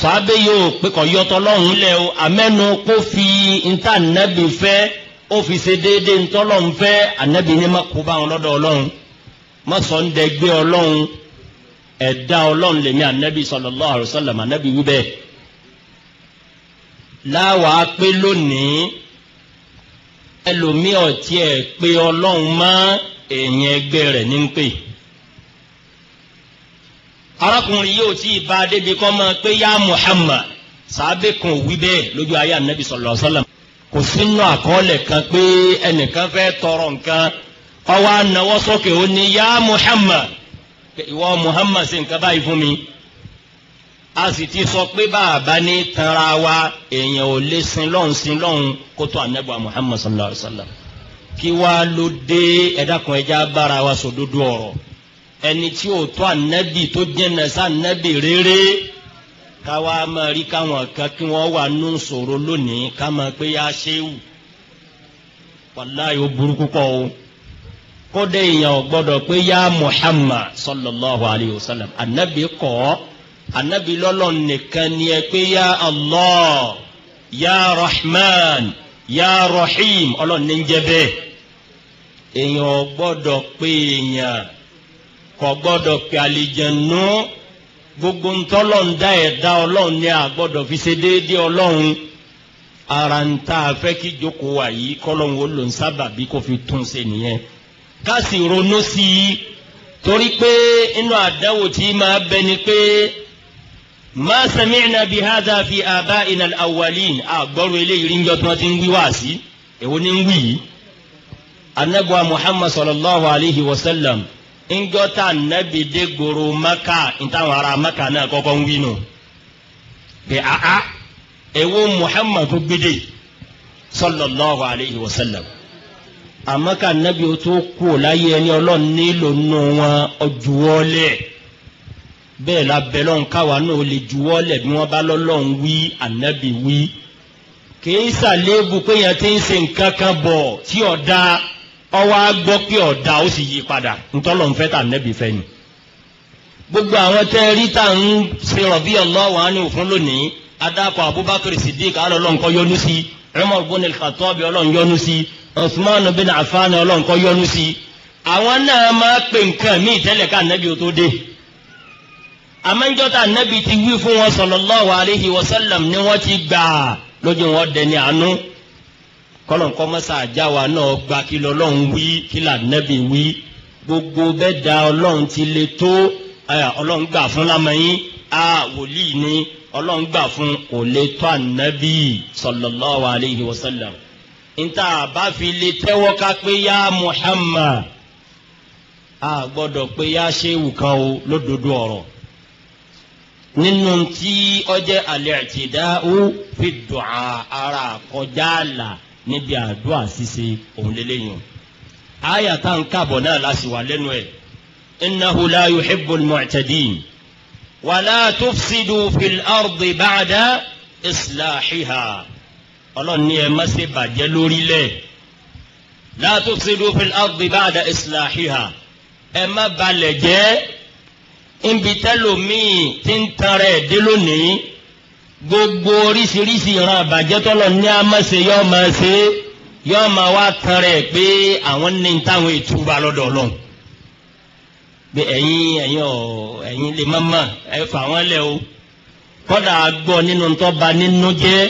sàábé yóò pé kò yọtọ̀ lọ́hùn lẹ̀ o amẹ́nu kó fi níta nẹ́bi fẹ́ ó fi ṣe déédéé ntọ́lọ́hún fẹ́ ànẹ́bi ní má kó bá wọn lọ́dọ̀ ọlọ́hun má sọ ń dẹgbẹ́ ọlọ́hun ẹ̀dá ọlọ́hun lèmi ànẹ́bi sallallahu alaihi wasallam ànẹ́bi wí bẹ́ẹ̀ láwàá pé lónìí ẹlòmíọ̀ tiẹ̀ pé ọlọ́hun má èèyàn ẹgbẹ́ rẹ̀ ní ń pè arákùnrin yìí ò tí ì bá a débi kọ́ máa pé yá Muhammad sàábẹ̀ kan ò wí bẹ́ẹ̀ lójú ayé anabi sallallahu alaihi wasallam kò sínú àkọọ́lẹ̀ kan pé ẹnìkan fẹ́ tọrọ nǹkan ọwọ́ anáwọ́ sókè ó ní yá Muhammad ìwọ Muhammad ṣe nǹkan báyìí fún mi a sì ti sọ pé bàbá ní tanra wa èèyàn ò lè sin lọ́hùn sin lọ́hùn kó tó anabi Muhammad sallallahu alaihi wasallam kí wàá ló dé ẹ̀dá kan ẹja bára wa sòdodo ọ̀rọ̀. So ẹni tí ó tó ànábì tó jẹ́nà sànábì rere káwa máa rí káwọn kan kí wọ́n wà nù sòro lónìí ká máa pé yá ṣéwù wàláyé ó burú púpọ̀ o kódé èèyàn ò gbọ́dọ̀ pé yá Muhammad sallallahu alayhi wa sallam ànábì kọ́ ànábì lọ́lọ́ nìkan ni ẹ pé yá Allah yá Rahman yá Rahim ọlọ́ọ̀ni ń jẹ́ bẹ́ẹ̀ èèyàn ò pé èèyàn kò gbọ́dọ̀ pé àlìjẹ̀nú gbogbo ntọ́lọ́n dá ẹ̀dá ọlọ́run ní àgbọ́dọ̀ fi ṣe déédé ọlọ́run ara ń ta afẹ́ kí jókòó wà yìí kọ́lọ́run ó lò ń sábà bí kò fi tún ṣe nìyẹn ká sì ronú sí i torí pé inú àdáwò tí máa bẹ ni pé ma sami'na bi hadha fi aba'ina al-awwalin àgbọ̀rọ̀ eléyìí rí ń tí wọ́n ti ń wí wá sí èwo ni ń wí yìí anagba Muhammad sallallahu alayhi wa sallam. ngọta nnabi dé goro maka ntàwọn ará mẹ́ka náà kọ́kọ́ ń wínú bí aa ewu muhammadu gbede sallallahu alayhi wa sallam àmọ́ ká nẹ́bi o tó kú o láyé ẹni ọlọ́run nílò nù wọn ọjúwọ́lẹ̀ bẹ́ẹ̀ la bẹ̀lọ́n káwa náà lè juwọ́lẹ̀ bí wọ́n bá lọ́lọ́run wí ànẹ́bi wí kì í sàlébù pé yẹn ti ń ṣe nǹkan kan bọ̀ tí ọ̀dà. ọwọ́ á gbọ́ pé ọ̀dà ó sì yí padà ntọ́lọ̀ ń fẹ́ tà nẹ́bí fẹ́ ni. gbogbo àwọn tẹ́ rí tà ń ṣe rọ̀bí ọlọ́wọ́ á ní òfin lónìí adáko Abubakar Siddiq alọ́lọ́nkọ́ yọ́nú sí Umar bin al-Khattab ọlọ́run yọ́nú sí Usman bin Affan ọlọ́nkọ́ yọ́nú sí. àwọn náà máa pè nǹkan míì tẹ́lẹ̀ ká nẹ́bí ó tó dé. àmọ́njọ́ta nẹ́bí ti wí fún wọn sallallahu alaihi wasallam ni wọ́n ti gbà kọ́lọ̀ nǹkan mọ́sá àjáwa náà gba kí lọ́lọ́run wí kí lànẹ́bì wí gbogbo bẹ́ẹ̀ da ọlọ́run ti le tó ọlọ́run gbà fún lámẹ́yìn a wòlíì ni ọlọ́run gbà fún kò le tó ànẹ́bì sallallahu alayhi wa sallam níta bá fi le tẹ́wọ́ ká pé yá Muhammad a gbọ́dọ̀ pé yá ṣéwù kan o lódodo ọ̀rọ̀ nínú tí ọjẹ́ al-i'tida'u fi du'a ara kọjá là níbi àdúrà ṣíṣe òun lélẹ́yìn àyà tá n kábọ̀ náà la sì wà lẹ́nu ẹ̀ innahu la yuhibbul mu'tadin wàlá tufsidu fil ardi ba'da islahiha ọlọ́ni ẹ má ṣe bàjẹ́ lórílẹ̀ la tufsidu fil ardi ba'da islahiha ẹ má balẹ̀ jẹ́ nbitẹ́lòmíì tí ń tan rẹ̀ dé lónìí gbogbo oríṣiríṣi ìran àbàjẹ́ tọ́lọ̀ ní amáṣe yọ́ máa ṣe yọ́ máa wá tan rẹ̀ pé àwọn ní táwọn ìtura lọ́dọ̀ ọlọ́run pé ẹ̀yin ẹ̀yin ọ̀ ẹ̀yin lè má mà ẹ fà wọ́n lẹ̀ o kọ́dà gbọ́ nínú tọ́ba nínú jẹ́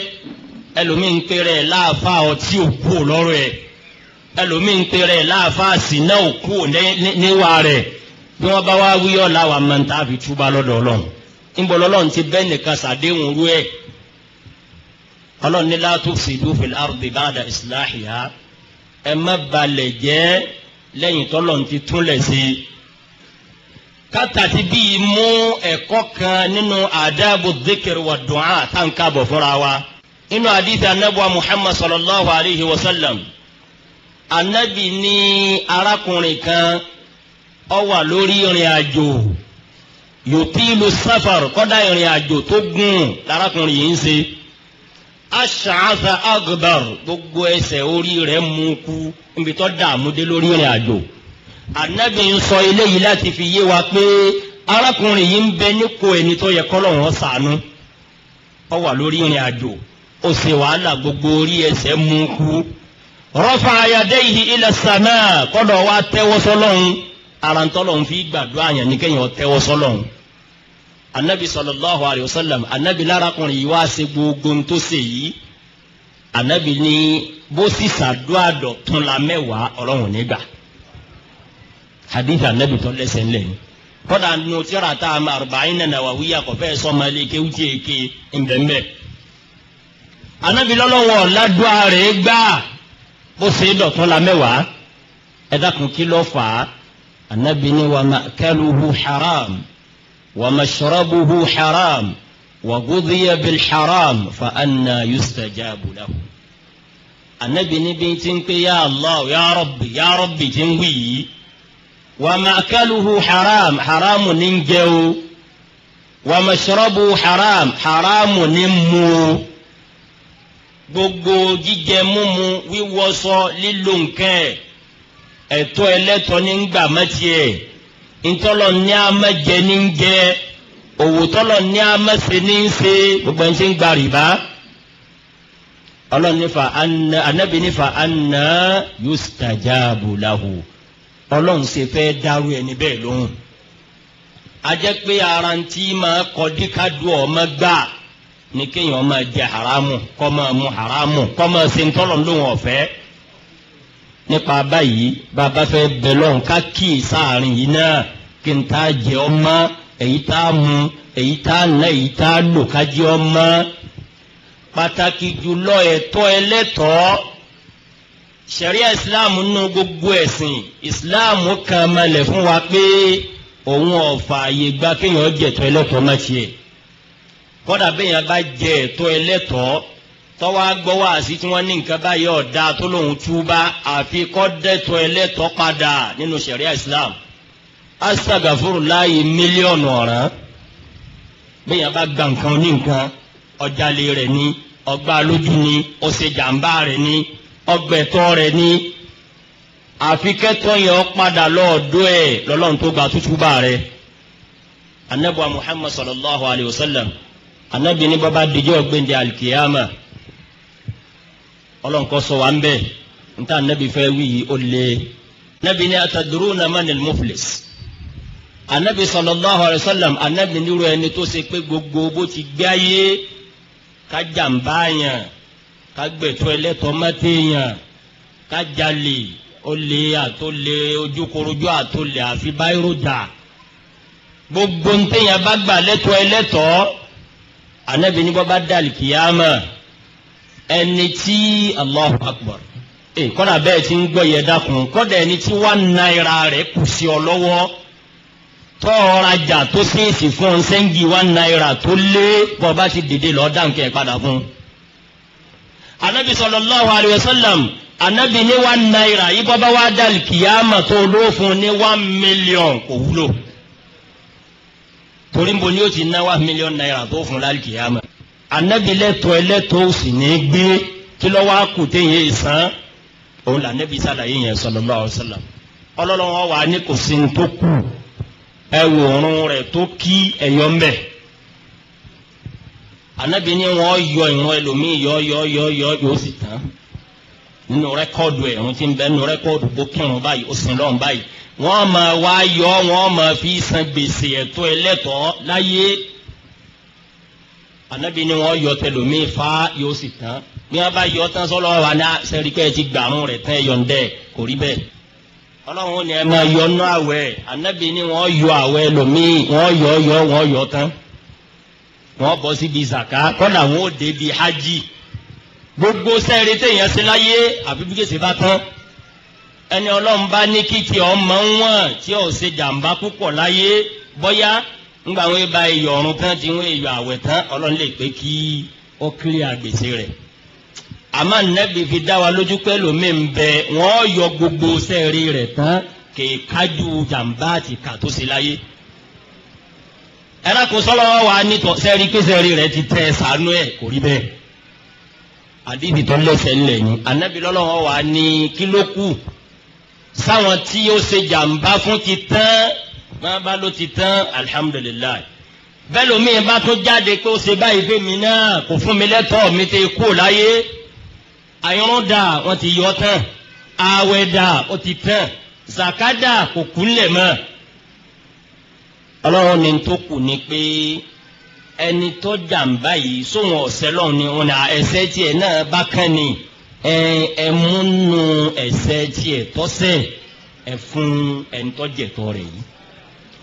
ẹlòmíì ń pèrè láàfà ọtí òkú lọ́rọ̀ ẹ̀ ẹlòmíì ń pèrè láàfà sínà òkú níwà rẹ̀ bí wọ́n bá wá wíyọ̀ láwàá máa ń tàbí túbà lọ́dọ̀ ọlọ́run ńbọlọ́lọ́run ti bẹ́ẹ̀ nìkan sàdéhùn rú ẹ̀ ọlọ́run ní látò fìdú fìlà ardi ba'da islahiha ẹ má balẹ̀ jẹ́ lẹ́yìn tọ́lọ́run ti túnlẹ̀ sí i kátàtí bíi mú ẹ̀kọ́ kan nínú àdáàbò dhikr wa du'a táǹkà bọ̀ fúnra wa nínú àdìsí anábọ̀ muhammad sallallahu alayhi wa sallam anábì ní arákùnrin kan ó wà lórí ìrìn yòtílu sáfàr kọ́dà ìrìn àjò tó gùn lárakùnrin yìí ń ṣe aṣááta agbar gbogbo ẹsẹ̀ orí rẹ̀ mú kú níbi tó dààmú lórí ìrìn àjò anabi ń sọ eléyìí fi yé wa pé arákùnrin yìí ń bẹ ẹni tó yẹ kọ́lọ́run wà lórí ìrìn àjò ó ṣe wàhálà gbogbo orí ẹsẹ̀ mú kú rọ́fà wa fi gbàdúrà yẹn anabi sallallahu alayhi wa sallam anabi lárakùnrin yìí wá ṣe gbogbo ń tó ṣe yìí anabi ní bó sì ṣàdúrà dọ̀tún la mẹ́wàá ọlọ́run nígbà hadith anabi tó lẹ́sẹ̀ ńlẹ̀ ni kódà nù tíra tá a ma arba'ina nawawiyya kò fẹ́ sọ́malé kéwùtì èké ńbẹ̀ńbẹ̀ anabi lọ́lọ́wọ́ ládùá rẹ̀ gbà bó ṣe dọ̀tún la mẹ́wàá ẹ dákun kí ló anabi ní wa ma'kaluhu haram. ومشربه حرام وغذي بالحرام فأنا يستجاب له النبي نبي تنك يا الله يا ربي يا ربي تنوي ومأكله حرام حرام ننجو ومشربه حرام حرام نمو gbogbo jíjẹ múmu wíwọṣọ lílo nǹkan ẹ ẹ̀tọ́ ẹlẹ́tọ́ ní ń gbà mẹtiẹ ntọ́lọ̀ ní a má jẹ ní ń jẹ òwò tọ́lọ̀ ní a má ṣe ní ń ṣe gbogbo ẹni tí ń gba rìbá ọlọ́run nífa anna anabi nífa anna yustajabu lahu ọlọ́run ṣe fẹ́ dárú ẹni bẹ́ẹ̀ lóhùn ajẹ́ pé ara ń tí máa kọdí kádù gbà ní kéèyàn máa jẹ haramu kọ́ mu haramu kọ́ máa ṣe ntọ́lọ̀ lóhùn ọ̀fẹ́ nípa báyìí bàbá fẹ́ bẹ̀ lọ́hùn ká kí sáàrin yìí náà kí n tá jẹ ọmọ èyí tá mu èyí tá ná èyí tá lò ká jẹ ọmọ pàtàkì jùlọ ẹ̀tọ́ ẹlẹ́tọ̀ọ́ sẹ̀ríà ìsìláàmù nínú gbogbo ẹ̀sìn ìsìláàmù kan malẹ̀ fún wa pé òun ọ̀fà àyè gba kéèyàn jẹ̀tọ́ ẹlẹ́tọ̀ọ́ má tiẹ̀ kọ́dà bẹ́ẹ̀ yẹn bá jẹ ẹ̀tọ́ ẹlẹ́tọ̀ọ́ tọ́wọ́ agbọ́wọ́ àti tí wọ́n ní nǹkan báyìí ọ̀dà tó lòun túbá àfi kọ́ dẹ́tọ̀ ẹlẹ́tọ̀ padà nínú ṣẹ̀ríà Islam asagafuru láàyè mílíọ̀nù ọ̀ràn bẹ́yàn bá gba nǹkan ní nǹkan ọ̀jalè rẹ̀ ni ọgbà lójú ni ọ̀sẹ̀jàmbá rẹ̀ ni ọgbẹ̀tọ́ rẹ̀ ni àfi kẹ́tọ́ yẹn padà lọ́ọ̀dọ́ ẹ̀ lọ́lọ́run tó gba tútúbà rẹ̀ anabuwa Muhammad sallallahu alayhi wa sallam anabi ní bàbá dijọ́ gbẹ̀ndẹ̀ alikiyama ọlọ́nkọ́ sọ wa ń bẹ́ẹ̀ nta anabi fẹ́ wí yìí ó lé anabi ní ataduruna manil muflis anabi sallallahu alayhi wa sallam anabi nírú ẹni tó ṣe pé gbogbo bó ti gbé ayé ká jàǹbá yàn ká gbẹ̀tọ́ ẹlẹ́tọ́ mẹ́tẹ́ yàn ká jalè ó lé àtólé ojúkorojú àtólé àfi báyìí dà gbogbo ntẹ̀yàn bá gbà lẹ́tọ́ ẹlẹ́tọ́ anabi ní bọ́ bá dàlì kìyàmà ẹni tí Allahu Akbar ee kọ́dà bẹ́ẹ̀ ti ń gbọ́ yẹ dákun kọ́dà ẹni tí one náírà rẹ̀ kù sí ọ lọ́wọ́ tọ́ọ̀rajà tó ṣèèṣì fún ọ sẹ́ńgì one náírà tó lé bọ́ bá ti dìde lọ́ọ́ dáǹkẹ́ padà fún un. anabi sallallahu alayhi wa sallam anabi ní one náírà yìí bọ́ bá dàlí kìyàmà tó ló fún ní one million kò wúlò torí nbọ ni ó ti ná one million naira tó fún lálẹ́ kìyàmà anabi lẹ́tọ̀ ẹlẹ́tọ̀ ò sì ní gbé kí lọ́wọ́ àkù téèyàn ìsàn òun là nẹ́bi sàlàyé yẹn sallallahu alaihi wasallam ọlọ́lọ́wọ́ wa ní kò sí ní tó kù ẹ wò òórùn rẹ̀ tó kí ẹ̀yọ́ mbẹ̀ anabi ni wọn yọ ìran ẹlòmíì yọ yọ yọ yọ yóò sì tán nínú rẹ́kọ́ọ̀dù ẹ̀ ti ń bẹ nínú rẹ́kọ́ọ̀dù bó báyìí ó sin báyìí wọ́n máa wá yọ wọ́n máa fi san gbèsè ẹ̀tọ́ ẹlẹ́tọ̀ọ́ láyé anabi ni wọn yọ tẹlomi fa yóò sì tán bí wọn bá yọ tán sọlọ wa náà sẹríkẹ ti gbàmú rẹ tẹ yọǹdẹ kò rí bẹ́ẹ̀ Ọlọ́run ni ẹ máa yọ nú àwẹ̀ anabi ni wọn yọ àwẹ̀ lomi wọn yọ yọ wọn yọ tán wọn bọ síbi zaka kódà wọn ò débi hajj gbogbo sẹẹrẹ téèyàn ṣe láyé àbí bá tán ẹni Ọlọ́run bá ní kí tiọ mọ wọn tí ò ṣe jàǹbá púpọ̀ láyé bóyá ńgbà wọn bá iyọ̀ ọ̀run tán tí wọn iyọ̀ àwẹ̀ tán ọlọ́run lè pé kí ó kílí àgbèsè rẹ̀ àmọ́ nẹ́bí fi dá wa lójú pé lómi ń bẹ wọ́n yọ gbogbo sẹ́ẹ̀rí rẹ̀ tán kì í kájú jàǹbá àti kà tó láyé ẹlẹ́kùn sọ́lọ́ wa nítọ̀ sẹ́ẹ̀rí pé sẹ́ẹ̀rí rẹ̀ ti tẹ̀ sànú ẹ̀ kò rí bẹ́ẹ̀ àdìbì tó lẹ́sẹ̀ ńlẹ̀ ni ànábì lọ́lọ́wọ́ wa ní kílókù sáwọn tí ó ṣe jàǹbá fún ti tán má bá ló ti tán alihamudulilayi bẹ́ẹ̀ lómi yẹn bá tún jáde pé ó ṣe báyìí pé mi náà kò fún mi lẹ́tọ̀ọ́ mi ti kú láyé àyọ̀rán dà wọ́n ti yọ tán ààwẹ̀ dà ó ti tán zakada kò kúnlẹ̀ mọ́ ọlọ́run ni tó kù ni pé ẹni tó jàǹbá yìí sóhun ọ̀sẹ̀ lọ́hùn ni wọn náà ẹsẹ̀ tiẹ̀ náà bá kàn ní ẹ ẹ múnú ẹsẹ̀ tiẹ̀ tọ́sẹ̀ ẹ fún ẹni tó jẹ̀tọ́ rẹ̀ yìí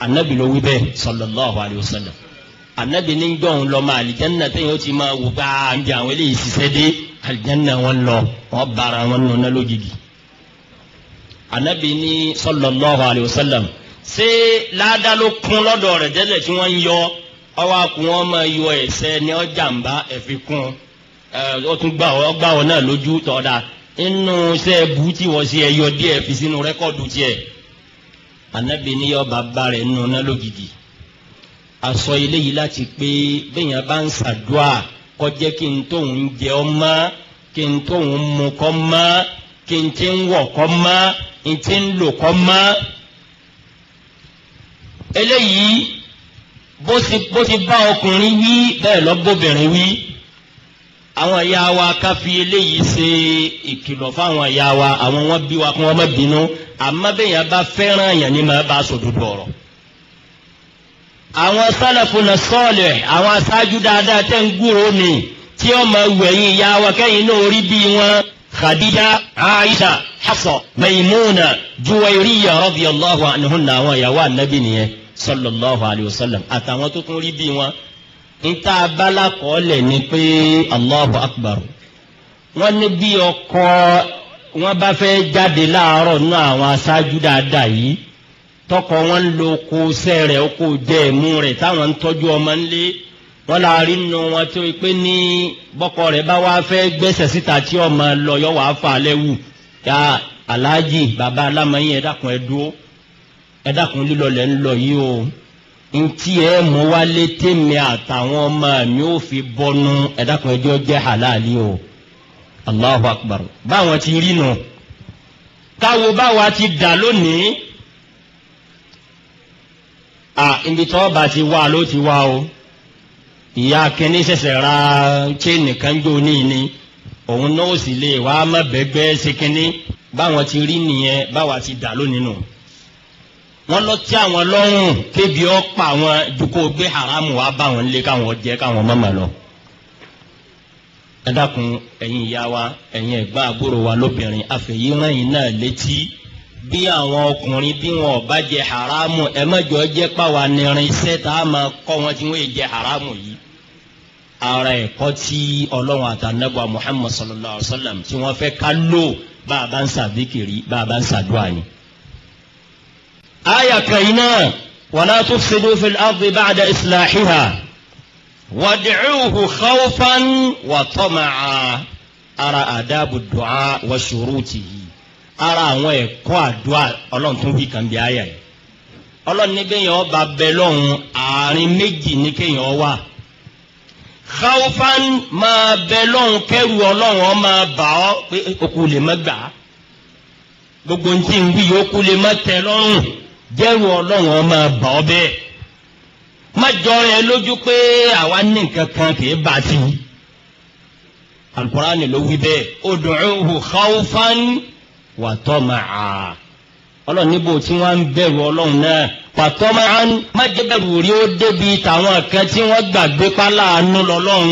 anabi ló wí bẹ́ẹ̀ sallallahu alayhi wa sallam anabi ní jọ̀hún lọ́mọ alijanna tẹ́yìn ó ti máa wò bá a ah, ń jẹ àwọn eléyìí ṣiṣẹ́ dé alijanna wọn lọ wọn bára wọn nù náà lójijì anabi ní sallallahu alayhi wa sallam ṣé ládàá ló kún lọ́dọ̀ rẹ̀ tẹ́lẹ̀ tí wọ́n ń yọ ọwọ́ akun wọn máa yọ ẹsẹ̀ ní ọjàmbá ẹ̀fikún ọ gbà ọ gbà ọ náà lójú tọ́ da inú sẹ́ẹ̀bù tí wọ́n ṣe ẹ̀yọ díẹ̀ fi sínú rẹ́kọ̀dù tiẹ̀ anabi ní yọ bàbá rẹ̀ nù ná lójijì àsọ eléyìí láti pé bẹ́yìn bá ń ṣàdúà kọjẹ́ kí n tóun jẹ ọ mọ́ kí n tóun mu kọ́ mọ́ kí n ti ń wọ̀ kọ́ mọ́ kí n ti ń lò kọ́ mọ́ eléyìí bó ti bó ti bá ọkùnrin wí bẹ́ẹ̀ lọ wí àwọn ìyá wa ká fi eléyìí ṣe ìkìlọ̀ fáwọn ìyá wa àwọn wọn bí wa kí wọ́n má bínú àmọ́ bẹ́yàn bá fẹ́ràn àyàn ni màá bá sọ dúdú ọ̀rọ̀. àwọn sálàfù náà sọ́ọ̀lẹ̀ àwọn aṣáájú dáadáa tẹ́ ń gúrò ní tí ó máa wù ẹ̀yìn ìyá wa kẹ́yìn náà orí bí wọn khadija aisha hafsa maimuna juwairiya radiyallahu anhunna àwọn ìyàwó anabi nìyẹn sallallahu alayhi wa sallam àtàwọn tó tún rí bí wọn nta abala kọ́ọ̀lẹ̀ ni pé allahu akbar wọ́n ní bí ọkọ̀ wọ́n bá fẹ́ jáde láàárọ̀ nú àwọn aṣáájú dáadáa yìí tọkọ wọn ń lo oko sẹ́rẹ̀ oko jẹ́ ẹ̀mú rẹ̀ táwọn ń tọ́jú ọmọ ńlé wọn là rí nu wọn tó pé ní bọ́kọ rẹ̀ bá wá fẹ́ gbẹ́sẹ̀ síta tí ọmọ lọ yọ wàá fà lẹ́wù ya aláàjì bàbá alámọ̀yìn ẹ̀dàkùn ẹ̀dúró ẹ̀dàkùn lílọlẹ̀ ń lọ yìí o ntí ẹ mú wálé tèmi àtàwọn ọmọ mi ò fi bọnu ẹ̀dàkùn ẹjọ́ jẹ́ halali o allahu akbar báwọn ti rí nù káwo báwa ti dà lónìí à ibi tó bá ti wá ló ti wá o ìyá kínní ṣẹ̀ṣẹ̀ ra chain kan jó ní ní òun náà ó sì lè wá má bẹ́gbẹ́ ṣe kínní báwọn ti rí nìyẹn báwa ti dà lónìí nù wọn lọ tí àwọn lọ́rùn kébi ọ pa àwọn dukó gbé haramu wa báwọn lé káwọn jẹ káwọn mọ̀mọ́ lọ ẹ dákun ẹ̀yin ìyá wa ẹ̀yin ẹ̀gbọ́n àbúrò wa lóbìnrin àfẹ̀yí rán yín náà létí bí àwọn ọkùnrin bí wọn ò bá jẹ haramu ẹ mọ̀jọ́ jẹ́ pàwọ́ anirin iṣẹ́ tá a máa kọ́ wọn tí wọ́n jẹ haramu yìí ara ẹ̀kọ́ tí ọlọ́run àtànẹ́gbà Muhammad sallallahu alayhi wa sallam tí wọ́n fẹ́ ká lò bá a bá ń sàdíkìrì bá a bá ń sàdúrà ni. àyà yìí náà wala tufsidu fil ardi ba'da islahiha wàdìcúhu khawfan wà tọ́màá ara àdábù dùá wà ṣùrùtì yìí ara àwọn ẹ̀kọ́ àdúrà ọlọ́run tún wí kan bí àyà yìí ọlọ́run ní bẹ́ẹ̀ yẹn ọba bẹ lọ́hùn àárín méjì ní kéèyàn wà khawfan máa bẹ lọ́hùn kẹ́rù ọlọ́run máa bà ọ́ pé okù lè má gbà á gbogbo ntí ń wí yòókù lè má tẹ lọ́rùn jẹ́rù ọlọ́run máa bà ọ́ bẹ́ẹ̀ má jọra ẹ lójú pé àwa ní nǹkan kan kì í bá a ti wí. alukurani ló wí bẹ́ẹ̀ ud'uhu khawfan wa tama'a ọlọ́run níbo tí wọ́n ń bẹ̀rù ọlọ́run náà pàtó máa ń má jẹ́ bẹ̀rù rí ó débi tàwọn kan tí wọ́n gbàgbé pálánú lọ́lọ́run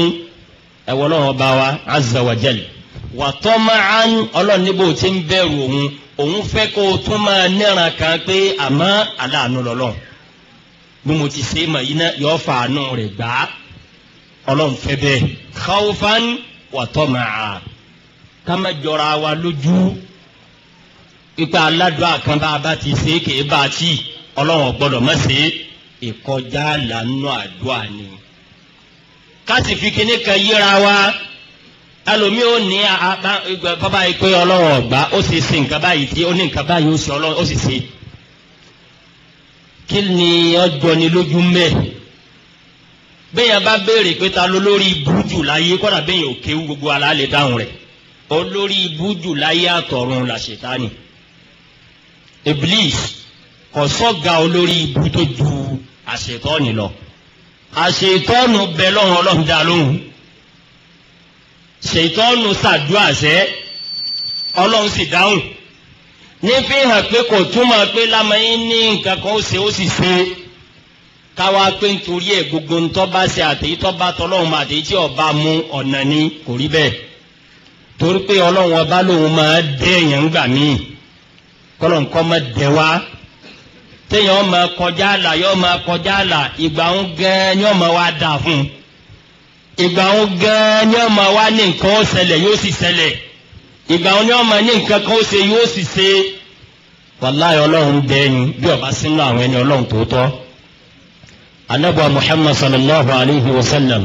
ẹ̀wọ́ ọlọ́run ọba wa wa jal wa tama'an ọlọ́run níbo tí ń bẹ̀rù òun òun fẹ́ kó o máa níran kan pé àmọ́ aláàánú lọ́lọ́run bí mo ti ṣe é mọ̀ yìí náà yọ fàánù rẹ̀ gbà á ọlọ́run fẹ́ bẹ́ẹ̀ khawfan wa tamaa ká má jọra wa lójú ipa aládùá kan bá a bá ti ṣe é kè é bá a ti ọlọ́run ọ̀gbọ́dọ̀ má ṣe é ìkọjá lànà àdúrà ni ká fi kíní kan yíra wa ẹlòmíì ò ní bàbá yìí pé ọlọ́run ọ̀gbá ó sì ṣe nǹkan báyìí tí ó ní nǹkan báyìí ó sì ọlọ́run ó sì ṣe kí ni ọjọ́ ni lójú mẹ́ bẹ́yàn bá béèrè pé ta ló lórí ibú jù láyé kọ́dà bẹ́yàn ò kéwú gbogbo aláàlẹ́ dáhùn rẹ̀ olórí ibú jù láyé àtọ̀run là ṣètánì iblis kò sọ́ga olórí ibú tó ju àṣetọ́ni lọ àṣetọ́nu bẹ lọ́hùn ọlọ́run dá lóhùn ṣètọ́nu ṣàdúrà ọlọ́run sì dáhùn ní fi hàn pé kò túmọ̀ pé lámẹ́yìn ní nǹkan kan ó ṣe ó sì ṣe káwa pé nítorí ẹ̀ gbogbo ńtọ́ bá ṣe àtẹ̀yí tọ́ bá tọ́lọ́hún mà àtẹ̀yí tí ọba mú ọ̀nà ni kò rí bẹ́ẹ̀ torí pé ọlọ́run ọba lòun máa dẹ́ èèyàn ń gbà míì kọ́lọ́n kọ́ mọ́ dẹ́ wá téèyàn máa kọjá àlà yóò máa kọjá àlà ìgbà ń gẹ́ẹ́ ni ó máa dà fún un ìgbà ń gẹ́ẹ́ ni ó máa ní nǹkan ó ṣẹlẹ̀ yóò sì ṣẹlẹ̀ ìgbà wọn ni wọn máa ní nǹkan kan ó ṣe yóò sì ṣe wàláyé ọlọ́run bẹ́ẹ̀ni bí ọba sínú àwọn ẹni ọlọ́run tòótọ́ anabuwa muhammad sallallahu alayhi wa sallam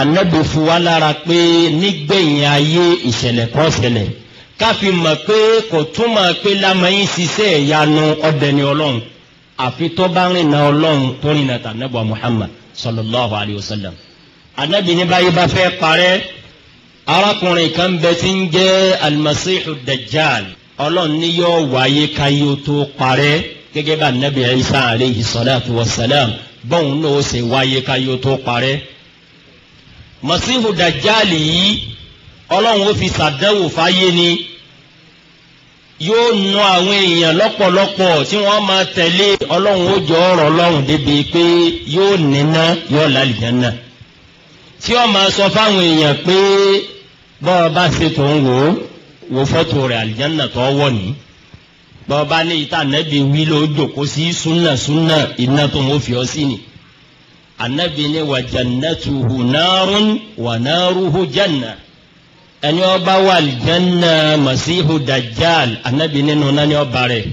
anabi fuwa lára pé nígbẹ̀yìn ayé ìṣẹ̀lẹ̀ kan ṣẹlẹ̀ káfí mọ̀ pé kò túmọ̀ pé lamẹ́yìn ṣiṣẹ́ ìyanu ọdẹ ni ọlọ́run àfi tó bá na ọlọ́run tó rìn na tànabuwa muhammad sallallahu alayhi wa sallam anabi ní báyìí bá fẹ́ parẹ́ arákùnrin kan bẹ tí ń jẹ́ alimasihu dajjal ọlọ́run ní yóò wáyé káyé ó tó parẹ́ gẹ́gẹ́ bá nabi isa aleyhi salatu wa salam bọ́ọ̀n náà ó sì wáyé káyé ó tó parẹ́. masihu dajjal yìí ọlọ́run ó fi sàdánwò fáyé ni yóò nu àwọn èèyàn lọ́pọ̀lọpọ̀ tí wọ́n máa tẹ̀lé ọlọ́run ó jọ ọ̀rọ̀ ọlọ́run débi pé yóò níná yóò lálìjáná náà tí ọ máa sọ fáwọn èèyàn pé bọ́ọ̀ bá ṣe tó ń wò ó wò fọ́tò rẹ̀ àlìjánà tó wọ̀ ní bọ́ọ̀ bá ní ìta ànábì wí ló jòkó sí súnà súnà iná tó ń wò fi ọ́ sí ni ànábì ní wà jannatuhu narun wà ẹni ọba wà àlìjánà masihu dajjal ànábì nínú náà ọba rẹ̀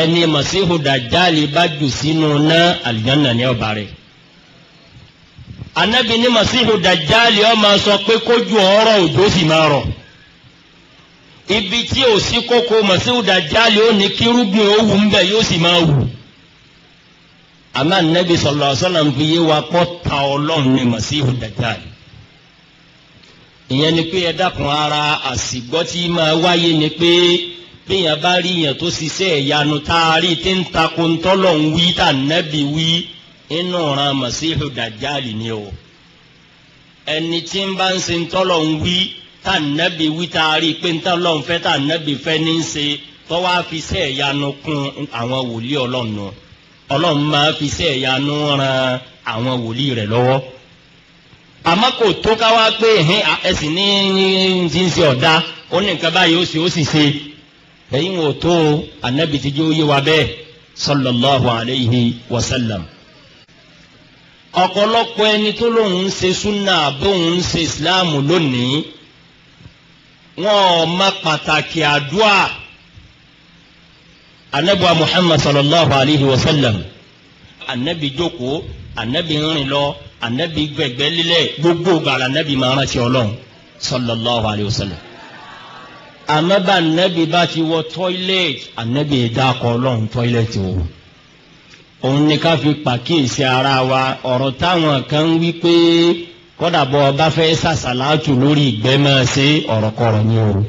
ẹni masihu dajjal bá jù sínú náà àlìjánà ni ọba rẹ̀. anabi ni masihu dajali ó máa sọ pé kójú ọrọ òjò sì máa ibi tí ò sí kókó masihu dajali ó ní kírúgbìn ó wù yóò sì máa wù àmọ́ anabi sallallahu alaihi ń fi ta masihu dajali ìyẹn ni pé ẹ ara àsìgbọ́ tí máa wáyé ni pé bíyàn bá rí yàn tó ṣiṣẹ́ ìyanu tá a rí inú ran masihu dajali ni o ẹni tí ń bá ń ṣe ntọ́lọ̀ ń wí tá nẹ́bi wí tá a rí i pé ntọ́lọ̀ ń fẹ́ tá nẹ́bi fẹ́ ní ṣe tọ́wọ́ fi sẹ́ ẹ̀yanu kún àwọn wòlíì ọlọ́nu ọlọ́run máa fi sẹ́ ẹ̀yanu àwọn wòlíì rẹ̀ lọ́wọ́ àmọ́ kò tó ká wá pé ẹ̀sìn ní ti ń anabi ti jẹ́ ó wa bẹ́ẹ̀ ọ̀pọ̀lọpọ̀ ẹni tó lóun ń ṣe súnà bóun ń ṣe ìsìláàmù lónìí wọn ò mọ pàtàkì àdúà anabuwa muhammad sallallahu alayhi wa sallam anabi jókòó anabi rìn lọ anabi gbẹgbẹ lílẹ gbogbo gbàrà anabi máa rántí Ọlọ́run sallallahu alayhi wa sallam àmọ́ anabi bá ti wọ tọ́ílẹ̀tì anabi ẹ̀dá kọ́ Ọlọ́run tọ́ílẹ̀tì wò òun ni ká fi pàkíyèsí ara wa ọ̀rọ̀ táwọn kan ń wí pé kọ́dà bọ́ ọba fẹ́ sàṣàlátù lórí ìgbẹ́ máa ṣe ọ̀rọ̀kọ̀rọ̀ ní òru.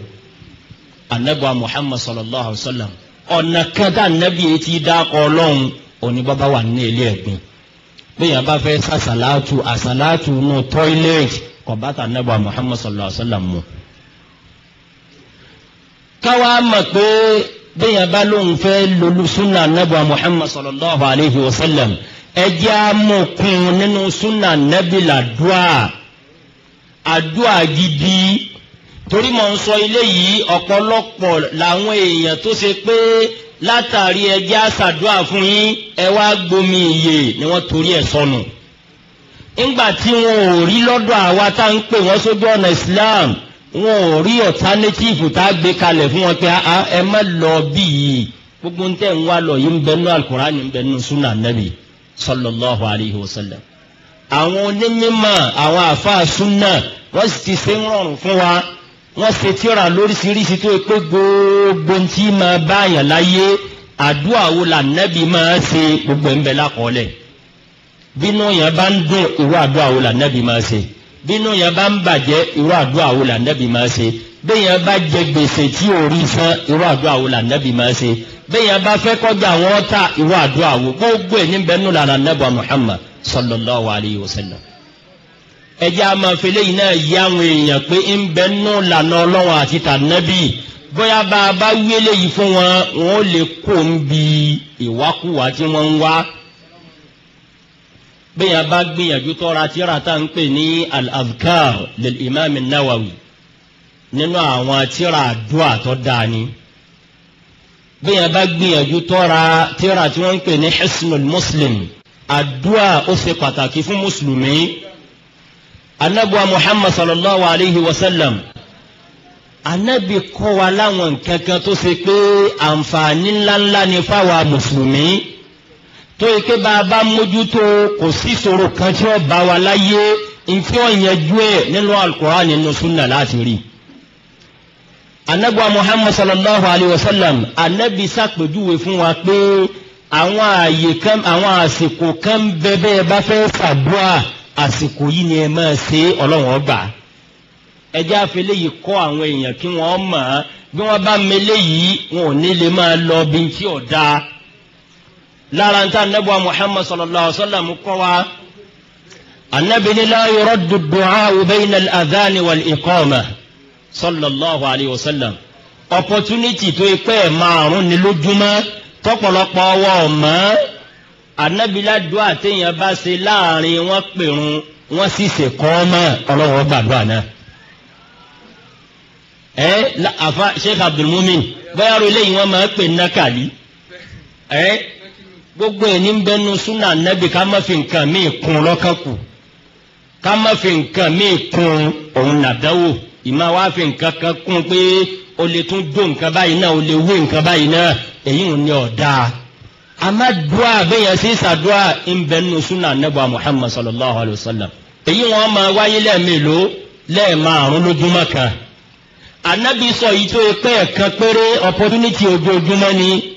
anabiwa muhammad sallallahu alaihi wa sallam ọ̀nà kan tá anabi etí dákọ̀ ọlọ́run òní bàbá wà ní ilé ẹ̀gbìn bẹ́ẹ̀ bá fẹ́ sàṣàlátù àṣàlátù nù tọ́ílẹ̀tì kọ̀bátà anabiwa muhammad sallallahu alaihi wa sallam mu. káwa mọ̀ pé. bẹ́ẹ̀ bá lóun fẹ́ lolu sunna anabiwa muhammad sallallahu alayhi wa sallam ẹjẹ́ amọ̀kun nínú sunna anabi ladua adua gidi torí mọ̀ ń sọ ilé yìí ọ̀pọ̀lọpọ̀ làwọn èèyàn tó ṣe pé látàrí ẹjẹ́ àṣàdúà fún yín ẹ wá gbomi ni wọ́n torí ẹ islam. wọn ò rí alternative tá a gbé kalẹ̀ fún wọn pé ah, ah, ẹ má lọ bí yìí gbogbo ń tẹ̀ ń wá lọ yìí ń bẹ nínú alukur'an ń bẹ nínú sunna nabi sallallahu alayhi wa sallam. àwọn onímọ̀ àwọn àfáà sunna wọ́n sì ti ṣe ń rọrùn fún wa wọ́n ṣe tíra lóríṣiríṣi tó yẹ pé gbogbo tí máa bá àyàn láyé àdúrà wo là nẹ́bí máa ṣe gbogbo ń bẹ lákọọ́lẹ̀ bínú yẹn bá ń dùn ìwọ àdúrà wo là nẹ́bí máa ṣe bínú yẹn bá ń bàjẹ́ irú àdúrà wo làǹdẹ́bì máa ṣe bẹ́yẹn bá jẹ gbèsè tí ò rí san irú àdúrà wo làǹdẹ́bì máa ṣe bẹ́yẹn bá fẹ́ kọjá wọn ta irú àdúrà wo gbogbo ẹ̀ níbẹ̀ nù lára nẹ́bà Muhammad sallallahu alayhi wa sallam. ẹjẹ́ a máa fi léyìn náà yí àwọn èèyàn pé ń bẹ́ nù lànà ọlọ́run àti tànẹ́bì bóyá bá a bá wí eléyìí fún wọn wọn ò lè kó ń bi ìwákùwà tí wọ́n ń wá bẹ́ẹ̀ bá gbìyànjú tọ́ra tíra tá à ń pè ní al-adhkar lil imam nawawi nínú àwọn tíra àdúrà tó dáa ni bẹ́ẹ̀ bá gbìyànjú tọ́ra tíra tí wọ́n ń pè ní hisnul muslim àdúrà ó ṣe pàtàkì fún mùsùlùmí anabuwa muhammad sallallahu alayhi wa sallam anabi kọ́ wa láwọn nǹkan tó ṣe pé àǹfààní ńláńlá ni fáwa mùsùlùmí tó yẹ kí bá a bá mójútó kò sí ìṣòro kan tí wọ́n bá wa láyé nfi wọ́n yanjú ẹ̀ nínú alukóra nínú sunna láti rí anabiwa muhammad sallallahu alayhi wa sallam anabi ṣàpèjúwe fún wa pé àwọn ààyè kan àwọn àsìkò kan bẹbẹ ẹ bá fẹ́ ṣàdúrà àsìkò yìí ni ẹ máa ṣe ọlọ́wọ́n ọba ẹjẹ́ àfẹlẹ́ yìí kọ́ àwọn èèyàn kí wọ́n mọ̀ bí wọ́n bá mẹlẹ́ yìí wọn ò ní lè máa lọ bí n tí ò dáa lára ń ta anabuwa muhammad sallallahu alaihi wa sallam kọ́ wa anabi ni la yuraddu du'a bayna al-adhan wal iqama sallallahu alaihi wa sallam opportunity tó ipẹ́ márùn ní lójúmọ́ tọpọlọpọ ọwọ́ ọ̀mọ́ anabiladu àtẹ̀yìn bá ṣe láàrin wọn pèrún wọn sì ṣe kọ́ ọmọ ọlọ́wọ́ gbàdúrà náà. ẹ afa sheikh abdulmumin bóyá ro wọn máa ń pè nákàlí ẹ gbogbo ẹni ń bẹnu súnà nẹ́bí ká má fi nǹkan míì kun lọ́kàn kù ká má fi nǹkan míì kun òun nàdánwò ìmọ̀ wá fi nǹkan o lè tún dó nǹkan báyìí o lè wé nǹkan báyìí náà èyí ò ní ọ̀dà amadua bẹ́yẹn sí suna Muhammad sallallahu alayhi wa sallam wọn wáyé lẹ́ẹ̀márùn lójúmọ́ kan anabi sọ yìí tó yẹ péré opportunity ojoojúmọ́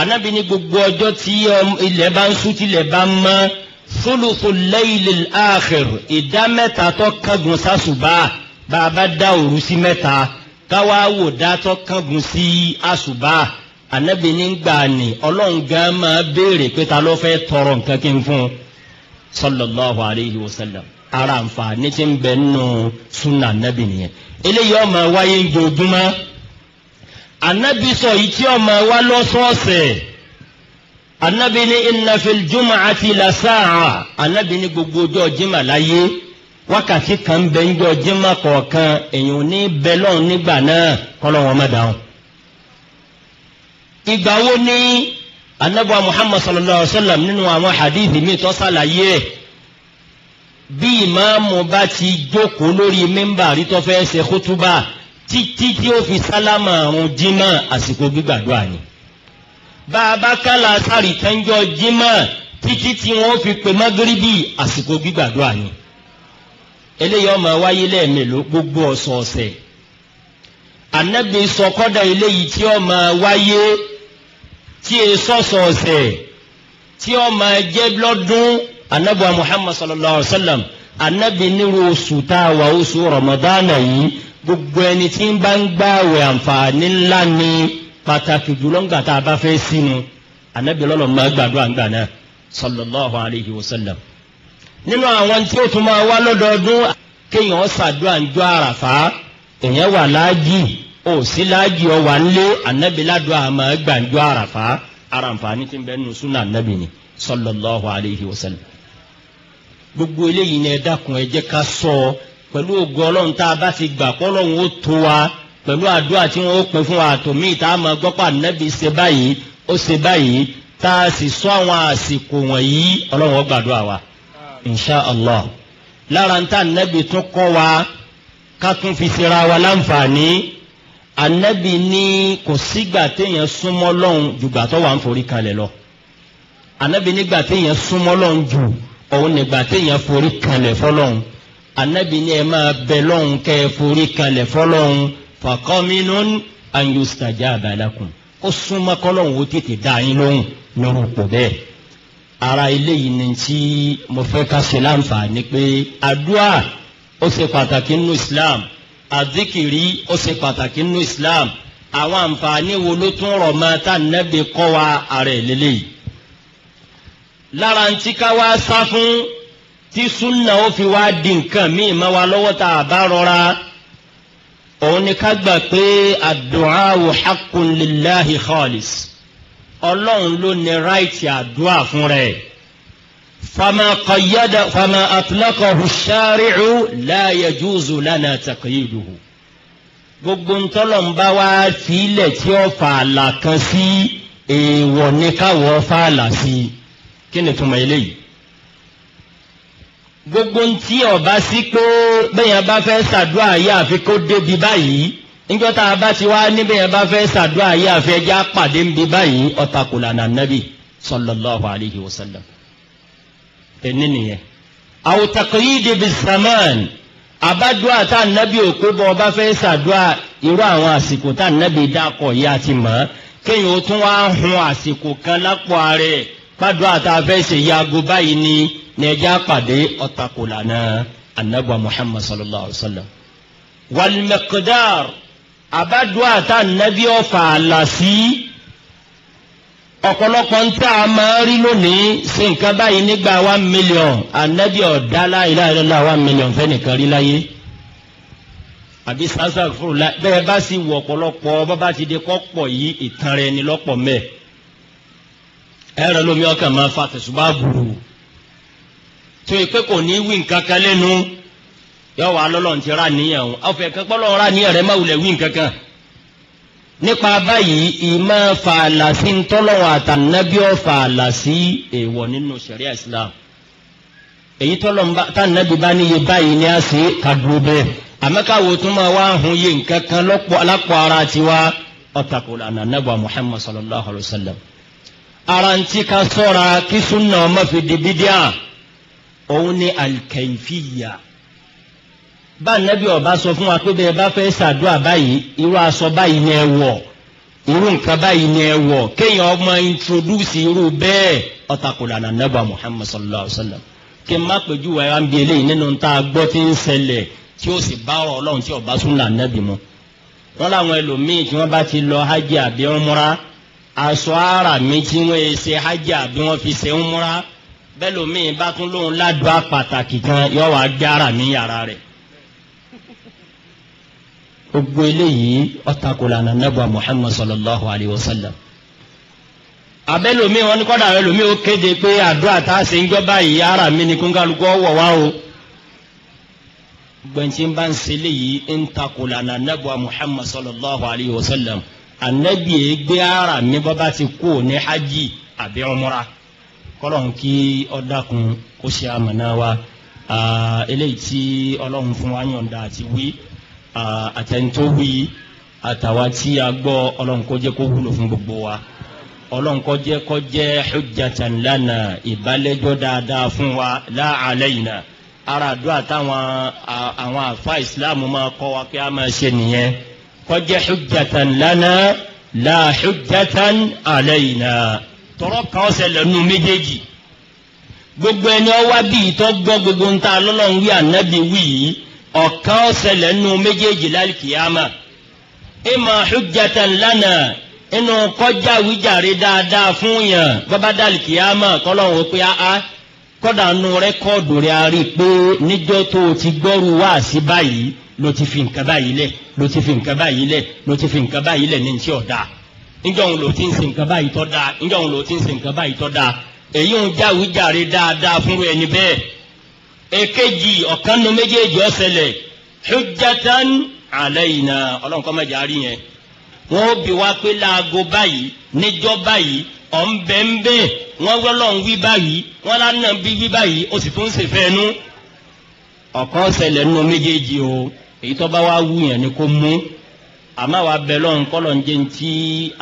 anabi ní gbogbo ọjọ́ tí um, ilẹ̀ bá ń sún tí ilẹ̀ bá ń mọ́ sulusu laylil akhir ìdá mẹ́ta tó kángun sásùbà bá a bá dá òru sí mẹ́ta káwá wò dá tó kángun sí àsùbà anabi ní gbà ní ọlọ́run gan máa béèrè pé ta ló fẹ́ tọrọ nǹkan kí n fún un sallallahu alayhi wa sallam ara nfa ní ti ń bẹ nínú sunna anabi nìyẹn eléyìí ọmọ wáyé ń jojúmọ́ anabi sọ yìí tí ọmọ wa lọ́sọ̀ọ̀sẹ̀ anabi ní inna fil jum'ati la sa'a anabi ní gbogbo ọjọ́ jimá láyé wákàtí kan bẹ ń jọ jimá kọ̀ọ̀kan èèyàn ní bẹlọ́n nígbà náà kọ́lọ́wọ́n má dáhùn. ìgbà wo ni anabi muhammad sallallahu alaihi wa sallam nínú àwọn hadith mi tó ṣàlàyé ẹ̀ bí ìmáàmù bá ti jókòó lórí mímbà rí ṣe kútúbà títí tí ó fi sálámà àrùn jímọ̀ àsìkò gbígbàdúrà ni bá a bá kálá sáré tẹ́ńjọ́ jímọ̀ títí tí wọ́n fi pè mágíríbì àsìkò gbígbàdúrà ni eléyìí ọmọ wáyé lẹ́ẹ̀mélòó gbogbo ọ̀sọ̀ọ̀sẹ̀ anabi sọkọ́dà eléyìí tí ọmọ wáyé tí e sọ̀sọ̀ọ̀sẹ̀ tí ọmọ jẹ́ lọ́dún anabi wa muhammad sallallahu alayhi wa sallam anabi nírú oṣù tá a wà oṣù ramadana yìí gbogbo ẹni tí ń bá ń gbààwẹ̀ àǹfààní ńlá ni pàtàkì jùlọ ńgbà tá a bá fẹ́ sínú ànábì lọ́lọ́ máa gbàdúrà ńgbà náà sallallahu alayhi wa sallam. nínú àwọn tí ó tún máa wá lọ́dọọdún kéèyàn ṣàdúrà ń jọ àràfá èèyàn wà láàjì ó sí láàjì ó wà ńlé ànábì ládùá máa gbà ń jọ àràfá ara àǹfààní tí ń bẹ nínú súnà ànábì ni sallallahu alayhi wa sallam. gbogbo eléyìí ni pẹ̀lú ògùn ọlọ́run tá a bá ti gbà pọ́ ọlọ́run ó tó wa pẹ̀lú àdúrà tí wọ́n ó pin fún wa àtòmí tá a máa gbọ́pọ̀ ànábì ṣe báyìí ó ṣe báyìí tá a sì sọ àwọn àsìkò wọ̀nyí ọlọ́run ó gbàdúrà wa insha allah lára ń tá ànábì tún kọ́ wa ká tún fi ṣera wa láǹfààní ànábì ní kò sígbà téèyàn súnmọ́ lọ́hùn jùgbà tó wà ń forí kalẹ̀ lọ ànábì nígbà téèyàn súnmọ́ lọ́hùn jù òun nígbà téèyàn forí kalẹ̀ fọlọ́hùn anabi ni ẹ máa bẹ lọ́hùn kẹ́ ẹ forí kalẹ̀ fọlọ́hùn fàkọ́mínún anyustajà abalakum ó súnmọ́ kọ́lọ́hùn ó tètè dá yín lóhùn lọ́rùn pọ̀ bẹ́ẹ̀ ara eléyìí ni tí mo fẹ́ ká ṣe láǹfààní pé àdúà ó ṣe pàtàkì nínú Islam àdìkìrí ó ṣe pàtàkì nínú Islam àwọn àǹfààní wo ló tún rọ̀ máa tá nẹ́bi kọ́ wa ara ẹ̀ lélẹ́yìí lára ń tí ká wá sá fún tí súnà ó fi wá di nǹkan míì má wa lọ́wọ́ tá a bá rọra òun ni ká gbà pé àdúrà wò haqqun lillahi khalis ọlọ́run ló ní ráìtì àdúrà fún rẹ̀ fama qayyada fama atlaqahu shari'u la yajuzu lana taqyiduhu gbogbo ntọ́lọ̀mbá wa sílẹ̀ tí ó fààlà kan sí èèwọ̀ ní káwọ́ fààlà sí kí ni túmọ̀ eléyìí gbogbo ntí ọba sí pé bẹ́yẹn bá fẹ́ ṣàdúrà yìí àfi kó débi báyìí níjọ́ tá a bá ti wá ní bẹ́yẹn bá fẹ́ ṣàdúrà yìí àfi ẹja pàdé nbí báyìí ọ̀tàkùlà nà nàbì sallallahu alayhi wa sallam. ẹni nìyẹn. àwòtàkùn yìí débi zaman àbádùá tá a nàbì òkú bọ́ ọba fẹ́ ṣàdúrà irú àwọn àsìkò tá a nàbì dákọ̀ yìí àti mọ́ kéèyàn ó tún wá hun àsìkò kan lápò ara pàdùn àtàfẹsẹ yaago báyìí ni nẹjà pàdé ọtakùlànà anabuwa muhammad sallallahu alaihi wa sallam walimẹkọdàr abadùn àtà nàbí ọfà àlàsí ọ̀pọ̀lọpọ̀ ń tà máa rí lónìí sí nǹkan báyìí nígbà one million anabi ọ̀dá láìláìlọ́lá one million fẹ́nìkan rí láyé àbí sàṣàfùrù bẹ́ẹ̀ bá sì wọ̀ bá bá ti di kọ́pọ̀ yìí ìtàn rẹ̀ ni lọ́pọ̀ mẹ́ẹ̀ ẹ̀rọ lómi ọkàn máa fa tẹ̀sùbá gbùrù tó ìpè kò ní wí nǹkan kan lẹ́nu yọ wà lọ́lọ́run ti rà níyàn o ọ̀fẹ́ kan pọ́lọ́ rà níyàn rẹ má wulẹ̀ wí nǹkan kan nípa báyìí ìmọ̀ fàlà sí ntọ́lọ́wọ́ àtànábíọ́ fàlà sí èèwọ̀ nínú sẹ̀ríà Islam èyí tọ́lọ̀ tànábí bá níye báyìí ní àṣẹ kàdúró bẹ́ẹ̀ àmẹ́káwo tún máa wá hun yé nǹkan kan lọ́pọ̀ alápọ̀ ara tiwa ọ̀tàkùn ànànábọ̀ Muhammad sallallahu alayhi wa sallam. arantí ka sọ́ra kí súnà ọmọ fi di ni bá ọba sọ fún wa pé bẹ́ẹ̀ bá fẹ́ ṣàdúrà báyìí irú aṣọ báyìí ni ẹ wọ̀ irú nǹkan báyìí ni ẹ kéèyàn ọmọ introduce irú bẹ́ẹ̀ ọ̀tàkùlànà nẹ́bà Muhammad sallallahu alayhi wa sallam kí n má ń eléyìí nínú ta gbọ́ tí ń ṣẹlẹ̀ tí ó sì bá ọba mu wọn làwọn Asoara ara mi tí wọ́n ṣe hajj bí wọ́n fi ṣe ń múra bẹ́ẹ̀ lómi bá tún lóun ládùá pàtàkì kan yọ wá gbé ara yàrá rẹ̀. gbogbo eléyìí ọ̀tàkùlà nà nàbà Muhammad sallallahu alayhi wa sallam. abẹ́lómi wọn ní kọ́dà abẹ́lómi ó kéde pé àdúrà tá a ṣe ń jọba yìí ara mi ni kúńkàlùkọ́ wọ̀ wá o. gbọ̀ntì bá ń ṣe léyìí ń takùlà nà nàbà Muhammad sallallahu alayhi wa sallam. anabi yẹ ara mi bàbá ti kú ní hajj àbí ọmọra kọlọ́n kí ọ̀dàkùn kó ṣe àmàna wa eléyìí tí ọlọ́run fún wa yọ̀ǹda àti wí àtẹnitó wí àtàwa tí a gbọ́ ọlọ́run jẹ́ kó wúlò fún gbogbo wa ọlọ́run ara àwọn àfa máa kọ́ wa a kọjẹ́ hujjatan lana la hujjatan alayna tọrọ kan ṣẹlẹ̀ nu méjèèjì gbogbo ẹni ọwá bíi tó gbọ́ gbogbo ń ta lọ́lọ́run wí ànábì wí yìí ọ̀kan ṣẹlẹ̀ nu méjèèjì lálìkìyàmà ìmọ̀ hujjatan lana inú kọjá wíjàre dáadáa fún yàn bàbá dálìkìyàmà kọ́lọ́run ó pé áá kọ́dà nu rẹ́kọ́ọ̀dù rẹ̀ a rí i tó o ti gbọ́rù wá sí báyìí ló ti fi nǹkan báyìí lẹ̀ ló ti fi nǹkan báyìí lẹ̀ ló ti fi nǹkan báyìí lẹ̀ ní ní tí ò dáa níjọ́ òun ló ti ń ṣe nǹkan báyìí tó dáa níjọ́ òun ló ti ń ṣe nǹkan báyìí tó dáa èyí ń jáwéjáre dáadáa fún ẹni bẹ́ẹ̀ èkejì ọ̀kan nu méjèèjì ọ̀sẹ̀lẹ̀ hujjatan alayna ọlọ́run kọ́ mẹ́jà rí yẹn wọ́n bí wá pé láago báyìí níjọ́ báyìí ọ̀nbẹ́ńbẹ́ wọ́n wọ́lọ́run wí báyìí wọ́n lánàá bí wí báyìí ó sì tún ń ṣèfẹ́ nu ọ̀kan ọ̀sẹ̀lẹ̀ nu méjèèjì o èyí tó bá wá wù yẹn ni kó mú àmọ́ àwa bẹ lọ́n kọ́lọ́njẹ́ ti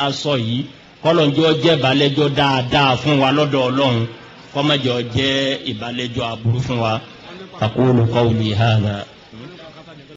aṣọ yìí kọ́lọ́njẹ́ ọjẹ́ ìbálẹ́jọ́ dáadáa fún wa lọ́dọ̀ ọlọ́run kọ́mọ́jẹ́ ọjẹ́ ìbálẹ́jọ́ aburú fún wa. aqulu qawli hadha.